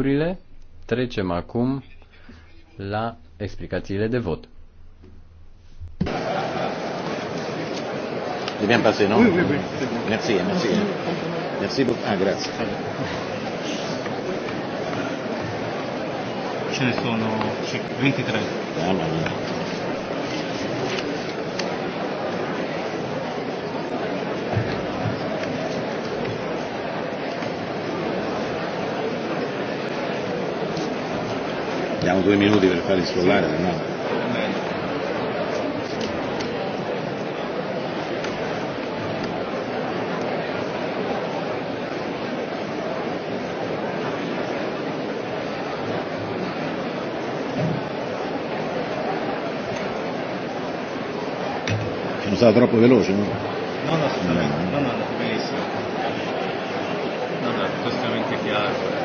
Urile, trecem acum la explicațiile de vot. Dobbiamo passare, no? Oui, Mersi, mersi. Merci, merci. Ah, grazie. Ce ne sono 23. Ah, due minuti per farli installare, no? Sono stato troppo veloce, no? No, no, assolutamente, no, no, no, benissimo. No, no, è perfettamente chiaro.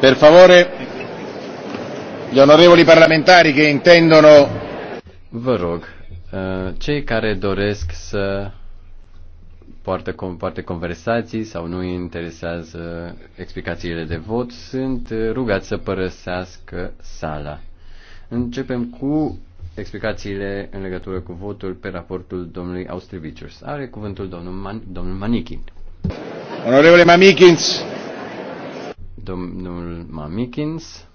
Per favore, gli onorevoli parlamentari che intendono... Vă rog, eh, cei care doresc să poartă, poartă conversații sau nu interesează explicațiile de vot, sunt rugați să părăsească sala. Începem cu explicațiile în legătură cu votul pe raportul domnului Austrivicius. Are cuvântul domnul, Man- domnul Manichin. Onorevole Manichins, Domnul Mamikins.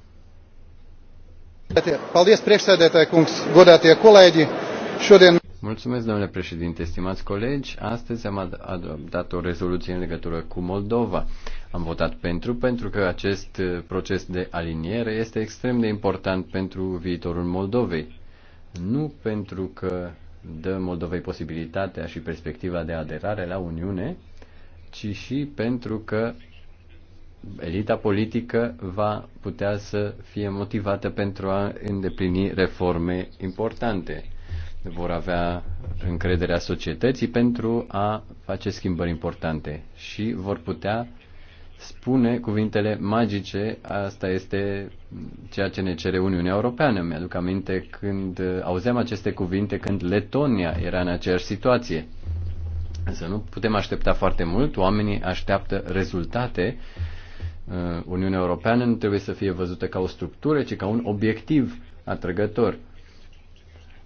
Paldies, președinte, kungs, godate colegi. Șodien... Mulțumesc, domnule președinte, stimați colegi. Astăzi am adoptat o rezoluție în legătură cu Moldova. Am votat pentru, pentru că acest uh, proces de aliniere este extrem de important pentru viitorul Moldovei. Nu pentru că dă Moldovei posibilitatea și perspectiva de aderare la Uniune, ci și pentru că elita politică va putea să fie motivată pentru a îndeplini reforme importante. Vor avea încrederea societății pentru a face schimbări importante și vor putea spune cuvintele magice, asta este ceea ce ne cere Uniunea Europeană. Mi-aduc aminte când auzeam aceste cuvinte când Letonia era în aceeași situație. Însă nu putem aștepta foarte mult, oamenii așteaptă rezultate Uh, Uniunea Europeană nu trebuie să fie văzută ca o structură, ci ca un obiectiv atrăgător.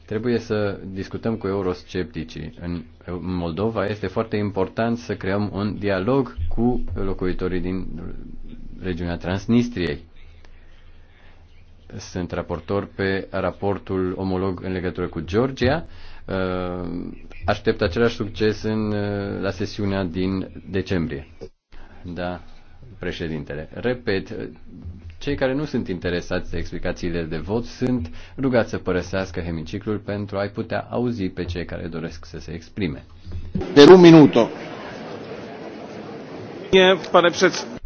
Trebuie să discutăm cu euroscepticii. În Moldova este foarte important să creăm un dialog cu locuitorii din regiunea Transnistriei. Sunt raportor pe raportul omolog în legătură cu Georgia. Uh, aștept același succes în, uh, la sesiunea din decembrie. Da, președintele. Repet, cei care nu sunt interesați de explicațiile de vot sunt rugați să părăsească hemiciclul pentru a-i putea auzi pe cei care doresc să se exprime. De un minut.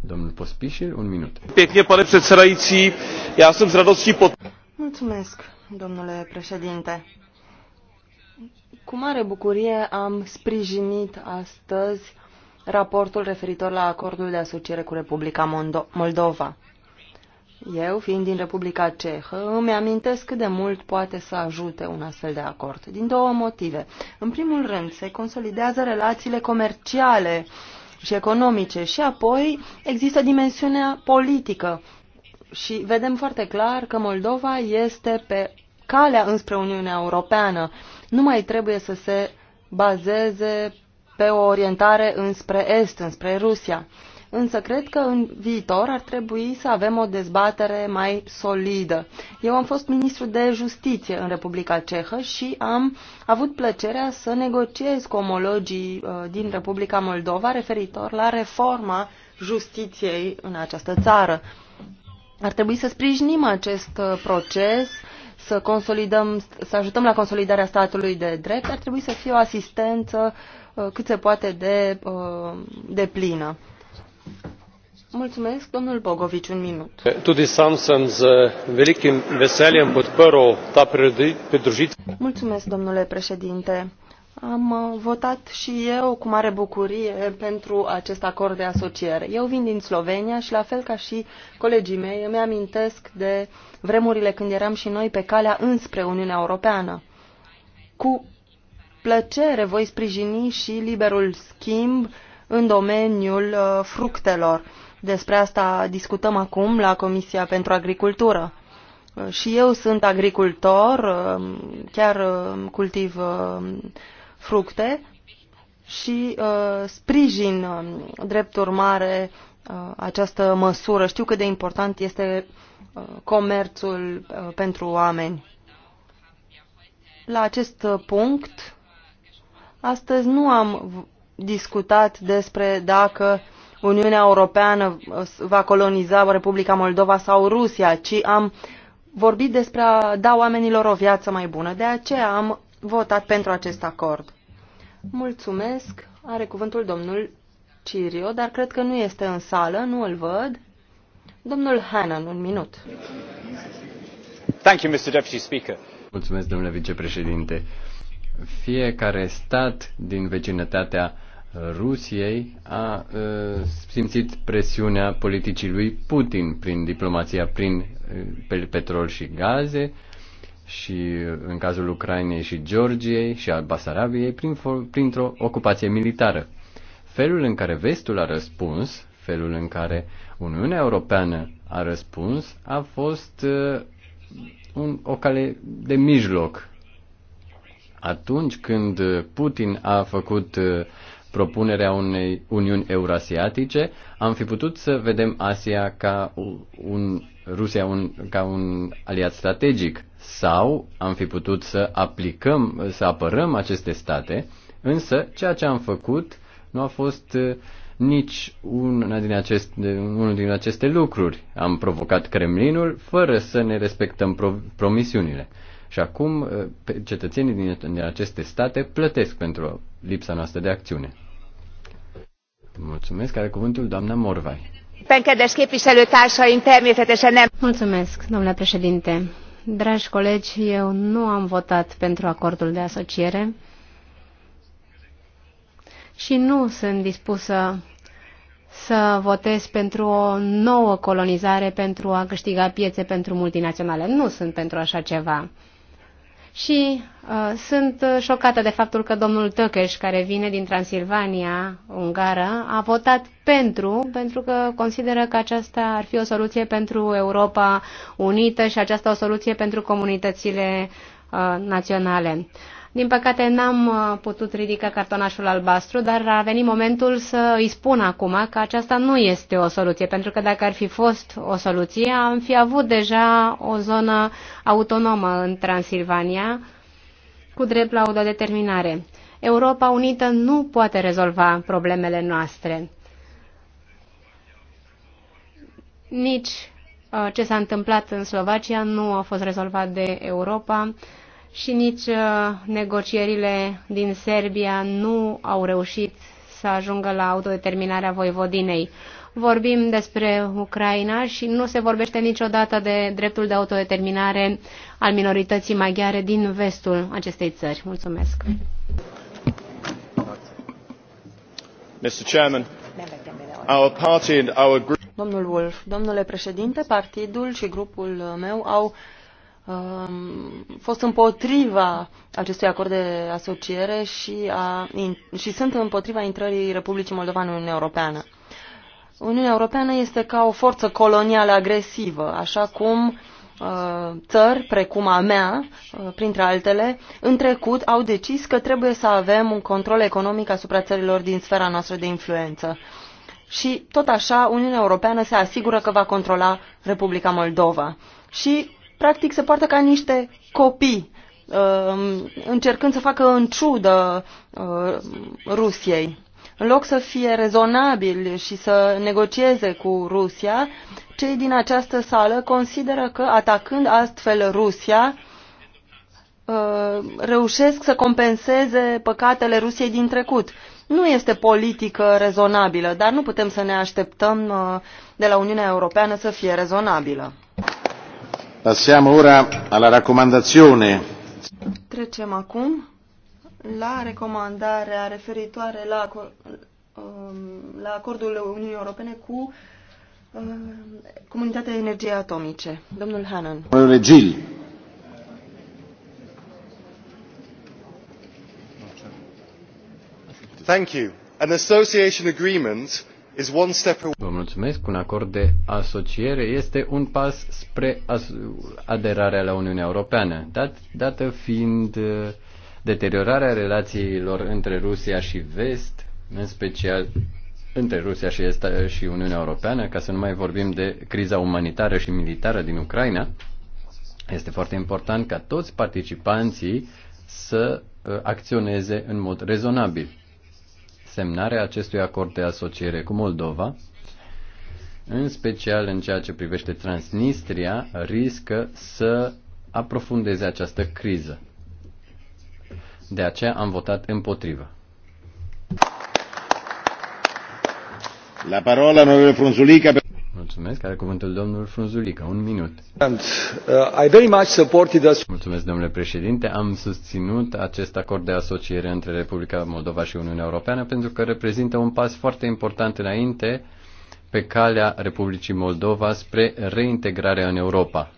Domnul Pospișil, un minut. Pěkně, pane předsedající, Mulțumesc, domnule președinte. Cu mare bucurie am sprijinit astăzi raportul referitor la acordul de asociere cu Republica Moldova. Eu, fiind din Republica Cehă, îmi amintesc cât de mult poate să ajute un astfel de acord. Din două motive. În primul rând, se consolidează relațiile comerciale și economice și apoi există dimensiunea politică. Și vedem foarte clar că Moldova este pe calea înspre Uniunea Europeană. Nu mai trebuie să se bazeze pe o orientare înspre Est, înspre Rusia. Însă cred că în viitor ar trebui să avem o dezbatere mai solidă. Eu am fost ministru de justiție în Republica Cehă și am avut plăcerea să negociez cu omologii uh, din Republica Moldova referitor la reforma justiției în această țară. Ar trebui să sprijinim acest uh, proces să consolidăm, să ajutăm la consolidarea statului de drept, ar trebui să fie o asistență uh, cât se poate de, uh, de plină. Mulțumesc, domnul Bogovici, un minut. Eh, tudi sam sam z eh, velikim veseljem podprl ta pridružitev. Mulțumesc, domnule președinte. Am uh, votat și eu cu mare bucurie pentru acest acord de asociere. Eu vin din Slovenia și la fel ca și colegii mei îmi amintesc de vremurile când eram și noi pe calea înspre Uniunea Europeană. Cu plăcere voi sprijini și liberul schimb în domeniul uh, fructelor. Despre asta discutăm acum la Comisia pentru Agricultură. Uh, și eu sunt agricultor, chiar cultiv fructe și uh, sprijin uh, drept urmare uh, această măsură. Știu cât de important este uh, comerțul uh, pentru oameni. La acest punct, astăzi nu am discutat despre dacă Uniunea Europeană uh, va coloniza Republica Moldova sau Rusia, ci am vorbit despre a da oamenilor o viață mai bună. De aceea am votat pentru acest acord. Mulțumesc. Are cuvântul domnul Cirio, dar cred că nu este în sală, nu îl văd. Domnul Hannan, un minut. Thank you, Mr. Deputy Speaker. Mulțumesc, domnule vicepreședinte. Fiecare stat din vecinătatea Rusiei a uh, simțit presiunea politicii lui Putin prin diplomația, prin uh, petrol și gaze, uh, și în cazul Ucrainei și Georgiei și al Basarabiei prin, printr-o ocupație militară. Felul în care vestul a răspuns, felul în care Uniunea Europeană a răspuns, a fost uh, un, o cale de mijloc. Atunci când Putin a făcut uh, propunerea unei Uniuni Eurasiatice, am fi putut să vedem Asia ca un Rusia un, ca un aliat strategic sau am fi putut să aplicăm, să apărăm aceste state, însă ceea ce am făcut nu a fost uh, nici una din aceste, unul din aceste lucruri. Am provocat Kremlinul fără să ne respectăm pro, promisiunile. Și acum uh, cetățenii din, din aceste state plătesc pentru lipsa noastră de acțiune. Mulțumesc. Are cuvântul doamna Morvai. Mulțumesc, domnule președinte. Dragi colegi, eu nu am votat pentru acordul de asociere și nu sunt dispusă să votez pentru o nouă colonizare pentru a câștiga piețe pentru multinaționale. Nu sunt pentru așa ceva. Și uh, sunt uh, șocată de faptul că domnul Tăcăș, care vine din Transilvania, Ungară, a votat pentru, pentru că consideră că aceasta ar fi o soluție pentru Europa Unită și aceasta o soluție pentru comunitățile uh, naționale. Uh, din păcate n-am uh, putut ridica cartonașul albastru, dar a venit momentul să îi spun acum că aceasta nu este o soluție, pentru că dacă ar fi fost o soluție, am fi avut deja o zonă autonomă în Transilvania cu drept la autodeterminare. Europa Unită nu poate rezolva problemele noastre. Nici uh, ce s-a întâmplat în Slovacia nu a fost rezolvat de Europa și nici uh, negocierile din Serbia nu au reușit să ajungă la autodeterminarea Voivodinei. Vorbim despre Ucraina și nu se vorbește niciodată de dreptul de autodeterminare al minorității maghiare din vestul acestei țări. Mulțumesc. Mr. Chairman, our party and our group... Domnul Wolf, domnule președinte, partidul și grupul meu au Um, fost împotriva acestui acord de asociere și, a, și sunt împotriva intrării Republicii Moldova în Uniunea Europeană. Uniunea Europeană este ca o forță colonială agresivă, așa cum uh, țări, precum a mea, uh, printre altele, în trecut au decis că trebuie să avem un control economic asupra țărilor din sfera noastră de influență. Și tot așa Uniunea Europeană se asigură că va controla Republica Moldova. Și practic se poartă ca niște copii, um, încercând să facă în ciudă uh, Rusiei. În loc să fie rezonabil și să negocieze cu Rusia, cei din această sală consideră că atacând astfel Rusia, uh, reușesc să compenseze păcatele Rusiei din trecut. Nu este politică rezonabilă, dar nu putem să ne așteptăm uh, de la Uniunea Europeană să fie rezonabilă. Passiamo ora alla raccomandazione. Trecem acum la recomandarea referitoare la, um, la acordul Uniunii Europene cu um, Comunitatea Energiei Atomice. Domnul Hannan. Domnule Gil. Thank you. An association agreement Vă mulțumesc. Un acord de asociere este un pas spre aderarea la Uniunea Europeană, dat, dată fiind uh, deteriorarea relațiilor între Rusia și Vest, în special între Rusia și, Est- uh, și Uniunea Europeană, ca să nu mai vorbim de criza umanitară și militară din Ucraina, este foarte important ca toți participanții să uh, acționeze în mod rezonabil semnarea acestui acord de asociere cu Moldova, în special în ceea ce privește Transnistria, riscă să aprofundeze această criză. De aceea am votat împotrivă. La parola, onorevole Frunzulica. Mulțumesc. Are cuvântul domnul Frunzulică. Un minut. Uh, I very much supported Mulțumesc, domnule președinte. Am susținut acest acord de asociere între Republica Moldova și Uniunea Europeană pentru că reprezintă un pas foarte important înainte pe calea Republicii Moldova spre reintegrarea în Europa.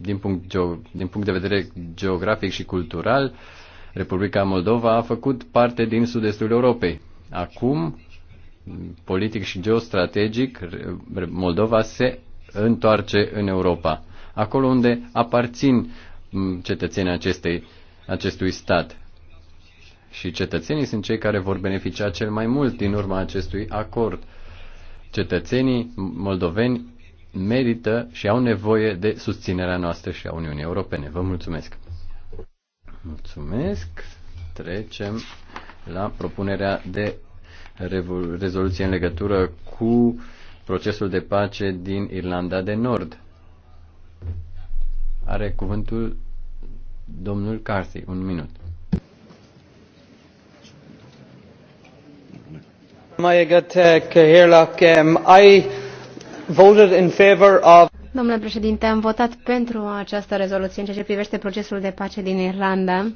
Din punct, din punct de vedere geografic și cultural, Republica Moldova a făcut parte din sud-estul Europei. Acum, politic și geostrategic, Moldova se întoarce în Europa, acolo unde aparțin cetățenii acestei, acestui stat. Și cetățenii sunt cei care vor beneficia cel mai mult din urma acestui acord. Cetățenii moldoveni merită și au nevoie de susținerea noastră și a Uniunii Europene. Vă mulțumesc! Mulțumesc! Trecem la propunerea de rezoluție în legătură cu procesul de pace din Irlanda de Nord. Are cuvântul domnul Carthy. Un minut. Ehm, I voted in favor of Domnule președinte, am votat pentru această rezoluție în ceea ce privește procesul de pace din Irlanda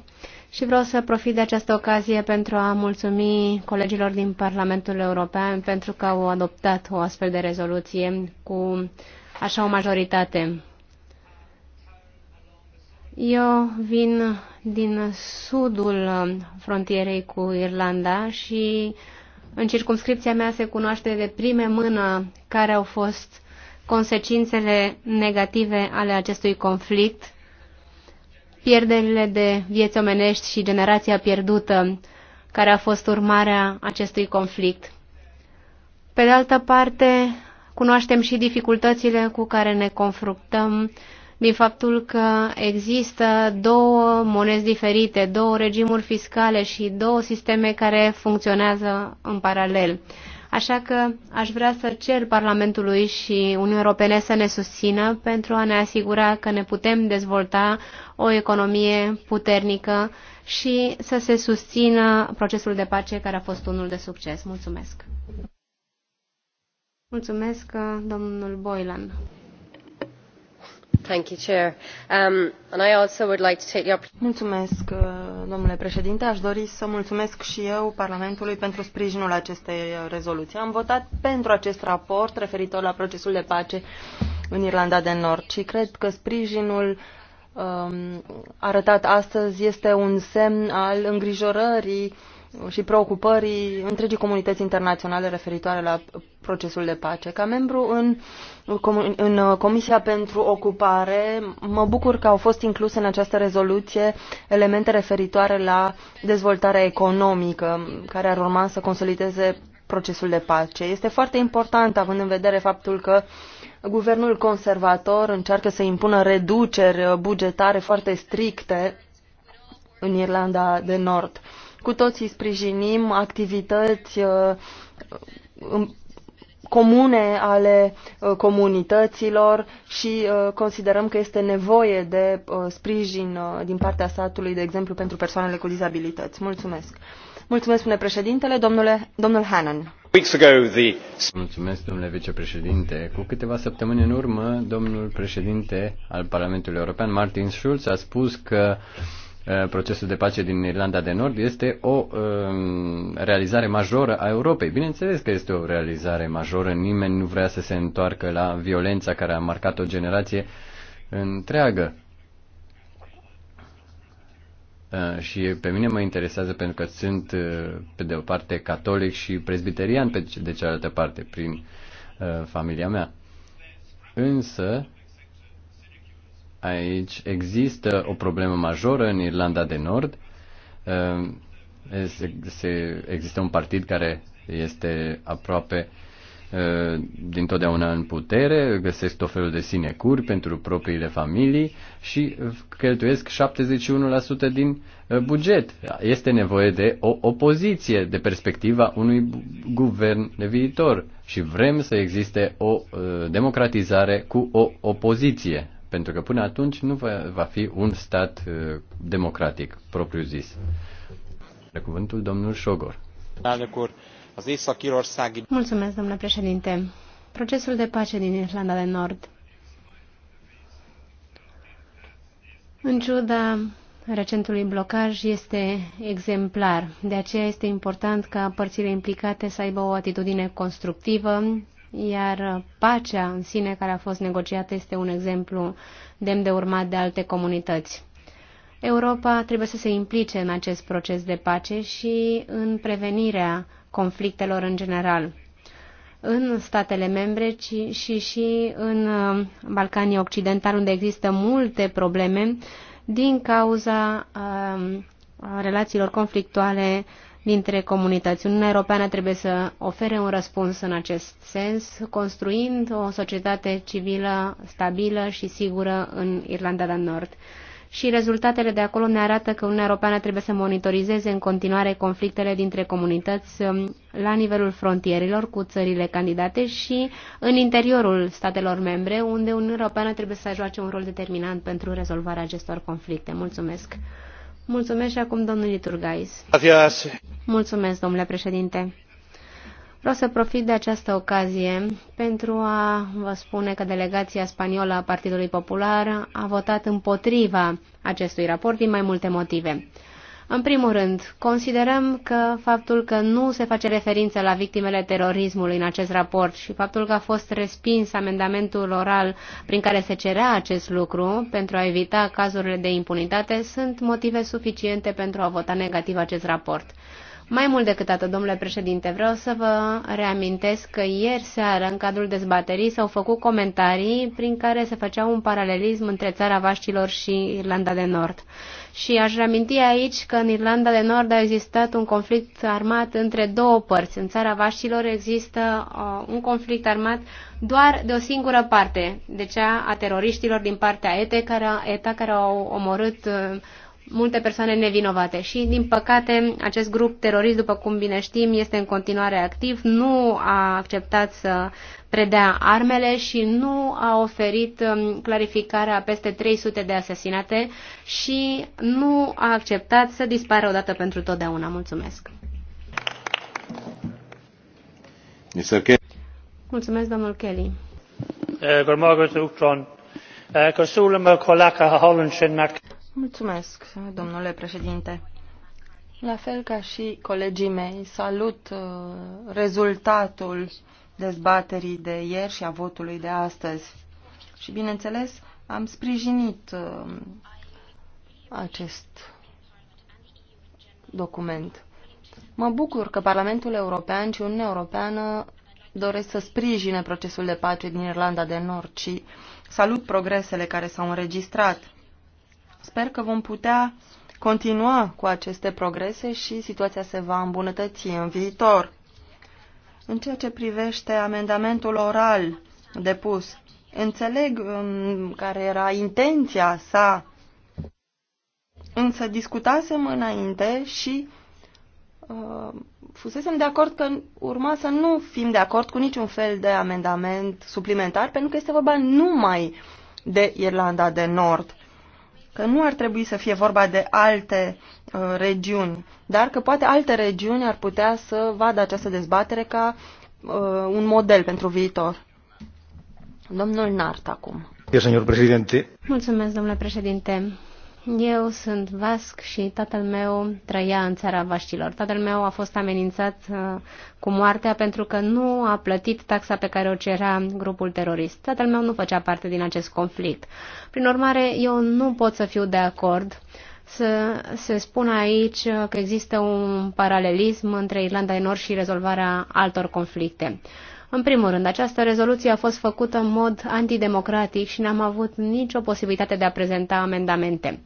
și vreau să profit de această ocazie pentru a mulțumi colegilor din Parlamentul European pentru că au adoptat o astfel de rezoluție cu așa o majoritate. Eu vin din sudul frontierei cu Irlanda și în circumscripția mea se cunoaște de prime mână care au fost consecințele negative ale acestui conflict, pierderile de vieți omenești și generația pierdută care a fost urmarea acestui conflict. Pe de altă parte, cunoaștem și dificultățile cu care ne confruntăm din faptul că există două monezi diferite, două regimuri fiscale și două sisteme care funcționează în paralel. Așa că aș vrea să cer Parlamentului și Uniunii Europene să ne susțină pentru a ne asigura că ne putem dezvolta o economie puternică și să se susțină procesul de pace care a fost unul de succes. Mulțumesc! Mulțumesc, domnul Boylan. Mulțumesc, domnule președinte. Aș dori să mulțumesc și eu Parlamentului pentru sprijinul acestei rezoluții. Am votat pentru acest raport referitor la procesul de pace în Irlanda de Nord și cred că sprijinul um, arătat astăzi este un semn al îngrijorării și preocupării întregii comunități internaționale referitoare la procesul de pace. Ca membru în, în uh, Comisia pentru Ocupare, mă bucur că au fost incluse în această rezoluție elemente referitoare la dezvoltarea economică, care ar urma să consolideze procesul de pace. Este foarte important, având în vedere faptul că guvernul conservator încearcă să impună reduceri bugetare foarte stricte în Irlanda de Nord cu toții sprijinim activități uh, comune ale uh, comunităților și uh, considerăm că este nevoie de sprijin din partea statului, de exemplu, pentru persoanele cu dizabilități. Mulțumesc. Mulțumesc, domnule președintele. Domnule, domnul Hannon. Mulțumesc, domnule vicepreședinte. Cu câteva săptămâni în urmă, domnul președinte al Parlamentului European, Martin Schulz, a spus că Eh, procesul de pace din Irlanda de Nord este o ehm, realizare majoră a Europei. Bineînțeles că este o realizare majoră, nimeni nu vrea să se întoarcă la violența care a marcat o generație întreagă. Eh, și pe mine mă interesează pentru că sunt, eh, pe de o parte, catolic și presbiterian, pe de cealaltă parte, prin familia mea. Însă, Aici există o problemă majoră în Irlanda de Nord. Ehm, există un partid care este aproape ehm, din totdeauna în putere, găsesc tot felul de sinecuri pentru propriile familii și cheltuiesc 71% din eh, buget. Este nevoie de o opoziție de perspectiva unui guvern de viitor și vrem să existe o eh, democratizare cu o opoziție pentru că până atunci nu va, va fi un stat uh, democratic, propriu zis. De cuvântul domnul Șogor. Mulțumesc, domnule președinte. Procesul de pace din Irlanda de Nord. În ciuda recentului blocaj este exemplar. De aceea este important ca părțile implicate să aibă o atitudine constructivă iar pacea în sine care a fost negociată este un exemplu demn de urmat de alte comunități. Europa trebuie să se implice în acest proces de pace și în prevenirea conflictelor în general, în statele membre ci, și și în uh, Balcanii Occidentali, unde există multe probleme din cauza uh, relațiilor conflictuale dintre comunități. Uniunea Europeană trebuie să ofere un răspuns în acest sens, construind o societate civilă stabilă și sigură în Irlanda de Nord. Și rezultatele de acolo ne arată că Uniunea Europeană trebuie să monitorizeze în continuare conflictele dintre comunități um, la nivelul frontierilor cu țările candidate și în interiorul statelor membre, unde Uniunea Europeană trebuie să joace un rol determinant pentru rezolvarea acestor conflicte. Mulțumesc! Mulțumesc și acum domnul Gracias. Mulțumesc, domnule președinte. Vreau să profit de această ocazie pentru a vă spune că delegația spaniolă a Partidului Popular a votat împotriva acestui raport din mai multe motive. În primul rând, considerăm că faptul că nu se face referință la victimele terorismului în acest raport și faptul că a fost respins amendamentul oral prin care se cerea acest lucru pentru a evita cazurile de impunitate sunt motive suficiente pentru a vota negativ acest raport. Mai mult decât atât, domnule președinte, vreau să vă reamintesc că ieri seară, în cadrul dezbaterii, s-au făcut comentarii prin care se făcea un paralelism între țara Vaștilor și Irlanda de Nord. Și aș reaminti aici că în Irlanda de Nord a existat un conflict armat între două părți. În țara Vaștilor există uh, un conflict armat doar de o singură parte, de cea a teroriștilor din partea ETA care, ETA care au omorât uh, multe persoane nevinovate și, din păcate, acest grup terorist, după cum bine știm, este în continuare activ, nu a acceptat să predea armele și nu a oferit um, clarificarea peste 300 de asesinate și nu a acceptat să dispară odată pentru totdeauna. Mulțumesc! Mulțumesc, domnul Kelly. Uh, Mulțumesc, domnule președinte. La fel ca și colegii mei, salut uh, rezultatul dezbaterii de ieri și a votului de astăzi. Și, bineînțeles, am sprijinit uh, acest document. Mă bucur că Parlamentul European și Uniunea Europeană doresc să sprijine procesul de pace din Irlanda de Nord și salut progresele care s-au înregistrat. Sper că vom putea continua cu aceste progrese și situația se va îmbunătăți în viitor. În ceea ce privește amendamentul oral depus, înțeleg um, care era intenția sa, însă discutasem înainte și uh, fusesem de acord că urma să nu fim de acord cu niciun fel de amendament suplimentar, pentru că este vorba numai de Irlanda de Nord că nu ar trebui să fie vorba de alte uh, regiuni, dar că poate alte regiuni ar putea să vadă această dezbatere ca uh, un model pentru viitor. Domnul Nart acum. Mulțumesc, domnule președinte. Eu sunt vasc și tatăl meu trăia în țara vaștilor. Tatăl meu a fost amenințat uh, cu moartea pentru că nu a plătit taxa pe care o cerea grupul terorist. Tatăl meu nu făcea parte din acest conflict. Prin urmare, eu nu pot să fiu de acord să se spună aici că există un paralelism între Irlanda de Nord și rezolvarea altor conflicte. În primul rând, această rezoluție a fost făcută în mod antidemocratic și n-am avut nicio posibilitate de a prezenta amendamente.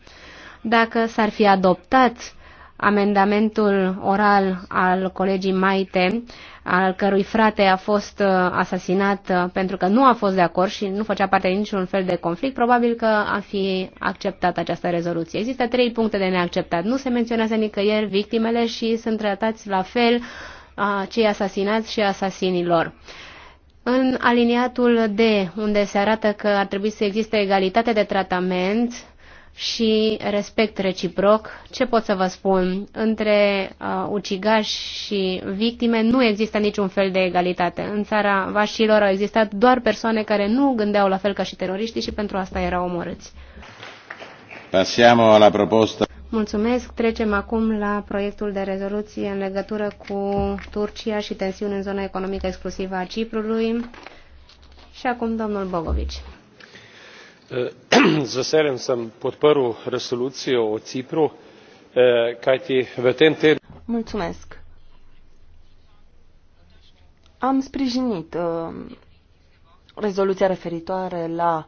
Dacă s-ar fi adoptat amendamentul oral al colegii Maite, al cărui frate a fost uh, asasinat uh, pentru că nu a fost de acord și nu făcea parte din niciun fel de conflict, probabil că a fi acceptat această rezoluție. Există trei puncte de neacceptat. Nu se menționează nicăieri victimele și sunt tratați la fel a cei asasinați și asasinilor. În aliniatul D, unde se arată că ar trebui să existe egalitate de tratament și respect reciproc, ce pot să vă spun? Între uh, ucigași și victime nu există niciun fel de egalitate. În țara vașilor au existat doar persoane care nu gândeau la fel ca și teroriștii și pentru asta erau omorâți. Pasiamo alla proposta. Mulțumesc. Trecem acum la proiectul de rezoluție în legătură cu Turcia și tensiuni în zona economică exclusivă a Ciprului. Și acum domnul Bogovici. Z veseljem sem podprl resolucijo o Cipru, ca eh, te tem Mulțumesc. Am sprijinit uh, rezoluția referitoare la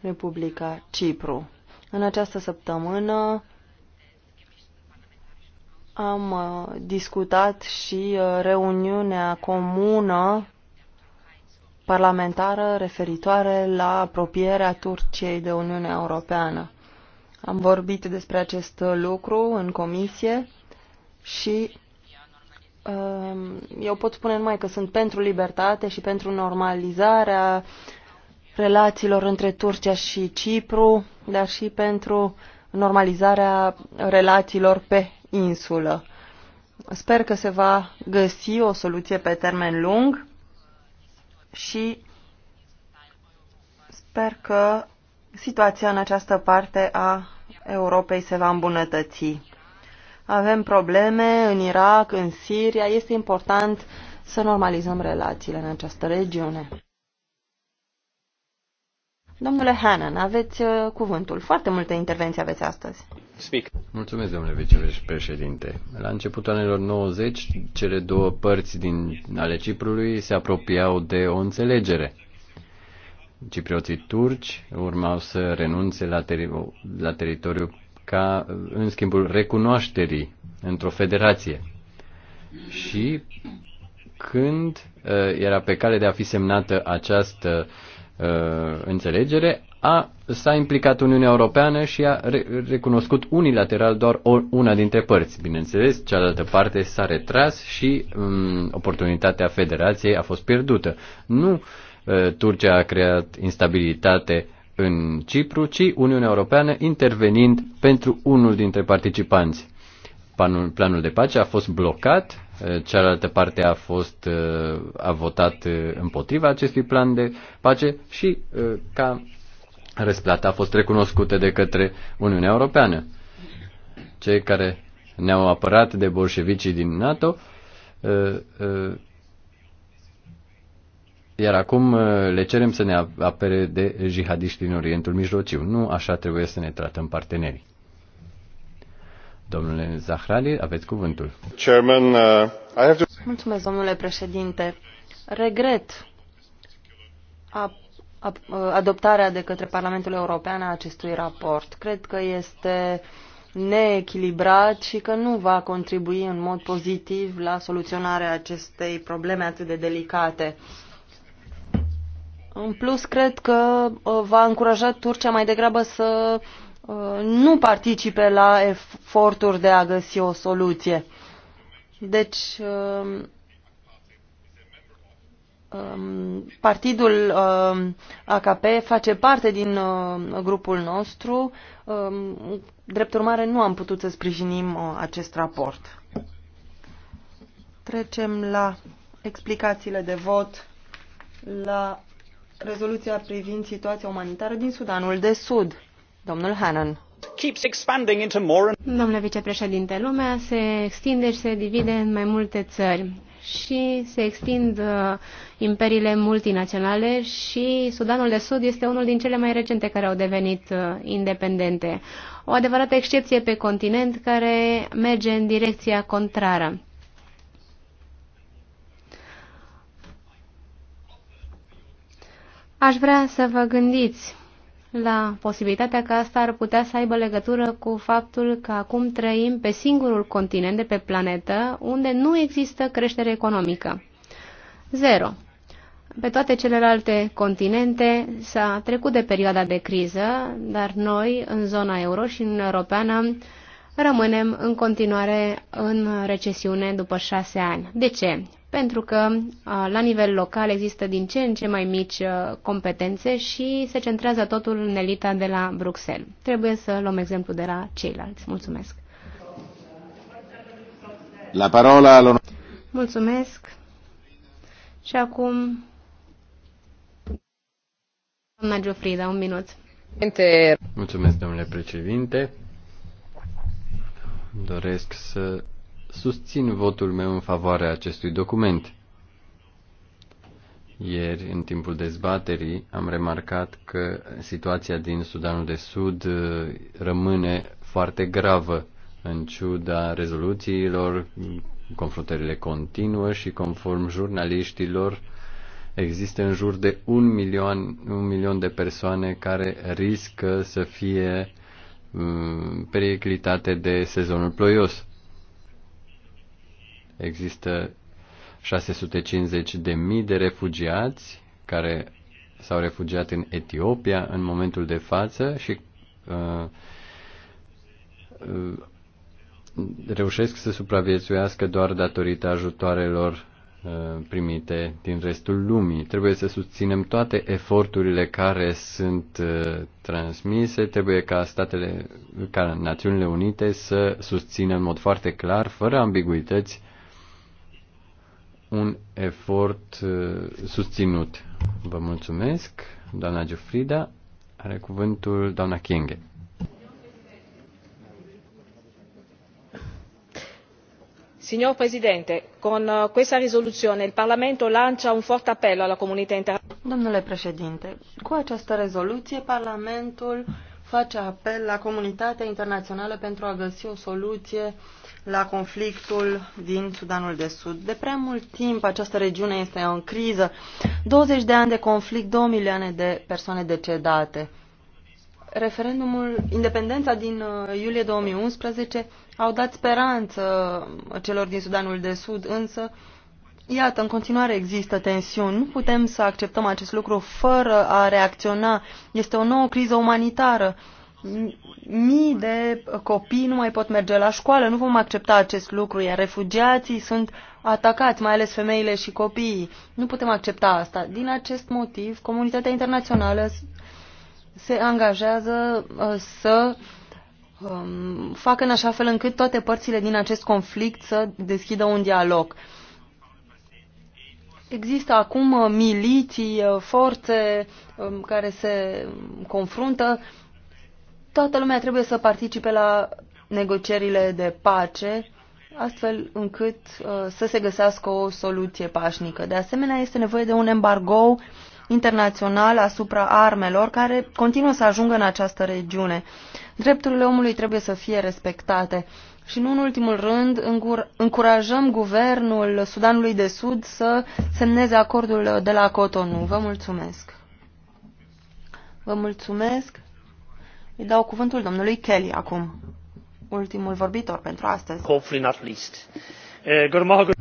Republica Cipru. În această săptămână am uh, discutat și uh, reuniunea comună parlamentară referitoare la apropierea Turciei de Uniunea Europeană. Am vorbit despre acest lucru în comisie și um, eu pot spune numai că sunt pentru libertate și pentru normalizarea relațiilor între Turcia și Cipru, dar și pentru normalizarea relațiilor pe insulă. Sper că se va găsi o soluție pe termen lung și sper că situația în această parte a Europei se va îmbunătăți. Avem probleme în Irak, în Siria. Este important să normalizăm relațiile în această regiune. Domnule Hannan, aveți uh, cuvântul. Foarte multe intervenții aveți astăzi. Speak. Mulțumesc, domnule vicepreședinte. La începutul anilor 90, cele două părți din ale Ciprului se apropiau de o înțelegere. Ciprioții turci urmau să renunțe la, teri- la teritoriu ca în schimbul recunoașterii într-o federație. Și când uh, era pe cale de a fi semnată această uh, Uh, înțelegere, a, s-a implicat Uniunea Europeană și a re- recunoscut unilateral doar o, una dintre părți. Bineînțeles, cealaltă parte s-a retras și um, oportunitatea federației a fost pierdută. Nu uh, Turcia a creat instabilitate în Cipru, ci Uniunea Europeană intervenind pentru unul dintre participanți. Planul, planul de pace a fost blocat cealaltă parte a fost a votat uh, împotriva acestui plan de pace și uh, ca răsplată a fost recunoscută de către Uniunea Europeană. Cei care ne-au apărat de bolșevicii din NATO uh, iar acum le cerem să ne apere de jihadiști din Orientul Mijlociu. Nu așa trebuie să ne tratăm partenerii. Domnule Zahrali, aveți cuvântul. Chairman, uh, I have to... Mulțumesc, domnule președinte. Regret a, a, adoptarea de către Parlamentul European a acestui raport. Cred că este neechilibrat și că nu va contribui în mod pozitiv la soluționarea acestei probleme atât de delicate. În plus, cred că uh, va încuraja Turcia mai degrabă să nu participe la eforturi de a găsi o soluție. Deci, um, um, partidul um, AKP face parte din grupul nostru. Drept urmare, nu am putut să sprijinim uh, acest raport. Trecem la explicațiile de vot la rezoluția privind situația umanitară din Sudanul de Sud. Hannan. Domnule vicepreședinte, lumea se extinde și se divide în mai multe țări și se extind uh, imperiile multinaționale și Sudanul de Sud este unul din cele mai recente care au devenit uh, independente. O adevărată excepție pe continent care merge în direcția contrară. Aș vrea să vă gândiți la posibilitatea că asta ar putea să aibă legătură cu faptul că acum trăim pe singurul continent de pe planetă unde nu există creștere economică. Zero. Pe toate celelalte continente s-a trecut de perioada de criză, dar noi, în zona euro și în Europeană, rămânem în continuare în recesiune după șase ani. De ce? Pentru că uh, la nivel local există din ce în ce mai mici uh, competențe și se centrează totul în elita de la Bruxelles. Trebuie să luăm exemplu de la ceilalți. Mulțumesc. La parola Mulțumesc. Și acum doamna Giofrida, un minut. Mulțumesc, domnule președinte doresc să susțin votul meu în favoarea acestui document. Ieri, în timpul dezbaterii, am remarcat că situația din Sudanul de Sud uh, rămâne foarte gravă, în ciuda rezoluțiilor, confruntările continuă și conform jurnaliștilor, există în jur de un milion, un milion de persoane care riscă să fie Mm, periclitate de sezonul ploios. Există 650 de mii de refugiați care s-au refugiat în Etiopia în momentul de față și uh, uh, reușesc să supraviețuiască doar datorită ajutoarelor Uh, primite din restul lumii. Trebuie să susținem toate eforturile care sunt uh, transmise, trebuie ca statele, ca Națiunile Unite să susțină în mod foarte clar, fără ambiguități, un efort uh, susținut. Vă mulțumesc, doamna Giuffrida. Are cuvântul doamna Kienge. signor presidente con eh, questa risoluzione il parlamento lancia un forte appello alla comunità domnule președinte cu această rezoluție parlamentul face apel la comunitatea internațională pentru a găsi o soluție la conflictul din Sudanul de Sud. De prea mult timp această regiune este în criză. 20 de ani de conflict, 2 milioane de persoane decedate referendumul, independența din uh, iulie 2011 au dat speranță uh, celor din Sudanul de Sud, însă, iată, în continuare există tensiuni. Nu putem să acceptăm acest lucru fără a reacționa. Este o nouă criză umanitară. Mii de copii nu mai pot merge la școală, nu vom accepta acest lucru, iar refugiații sunt atacați, mai ales femeile și copiii. Nu putem accepta asta. Din acest motiv, comunitatea internațională se angajează uh, să um, facă în așa fel încât toate părțile din acest conflict să deschidă un dialog. Există acum uh, miliții, uh, forțe um, care se confruntă. Toată lumea trebuie să participe la negocierile de pace, astfel încât să se găsească o soluție pașnică. De asemenea, este nevoie de un embargo internațional asupra armelor care continuă să ajungă în această regiune. Drepturile omului trebuie să fie respectate. Și nu în ultimul rând, încurajăm guvernul Sudanului de Sud să semneze acordul de la Cotonou. Vă mulțumesc. Vă mulțumesc. Îi dau cuvântul domnului Kelly acum, ultimul vorbitor pentru astăzi. Hopefully not least. Eh,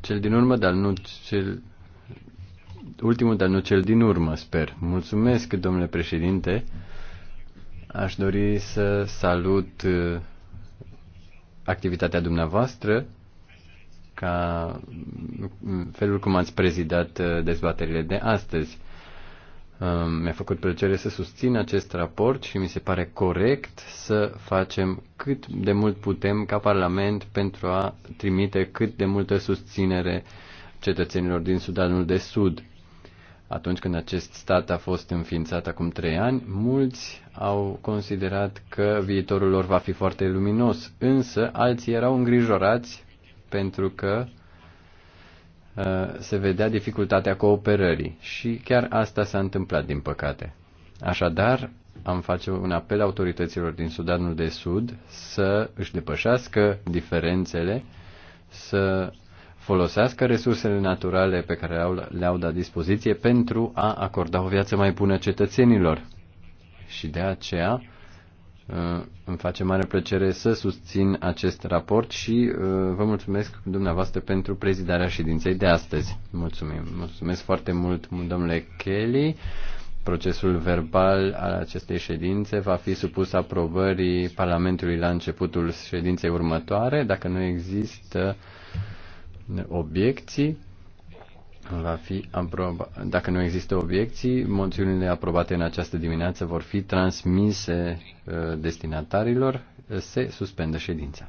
cel din urmă, dar nu cel ultimul, dar nu cel din urmă, sper. Mulțumesc, domnule președinte. Aș dori să salut uh, activitatea dumneavoastră ca mm, felul cum ați prezidat uh, dezbaterile de astăzi. Um, mi-a făcut plăcere să susțin acest raport și mi se pare corect să facem cât de mult putem ca Parlament pentru a trimite cât de multă susținere cetățenilor din Sudanul de Sud. Atunci când acest stat a fost înființat acum trei ani, mulți au considerat că viitorul lor va fi foarte luminos, însă alții erau îngrijorați pentru că uh, se vedea dificultatea cooperării și chiar asta s-a întâmplat, din păcate. Așadar, am face un apel autorităților din Sudanul de Sud să își depășească diferențele, să folosească resursele naturale pe care le-au, le-au dat dispoziție pentru a acorda o viață mai bună cetățenilor. Și de aceea uh, îmi face mare plăcere să susțin acest raport și uh, vă mulțumesc dumneavoastră pentru prezidarea ședinței de astăzi. Mulțumim. Mulțumesc foarte mult, domnule Kelly. Procesul verbal al acestei ședințe va fi supus aprobării Parlamentului la începutul ședinței următoare. Dacă nu există obiecții, va fi aproba, dacă nu există obiecții, moțiunile aprobate în această dimineață vor fi transmise uh, destinatarilor. Se suspendă ședința.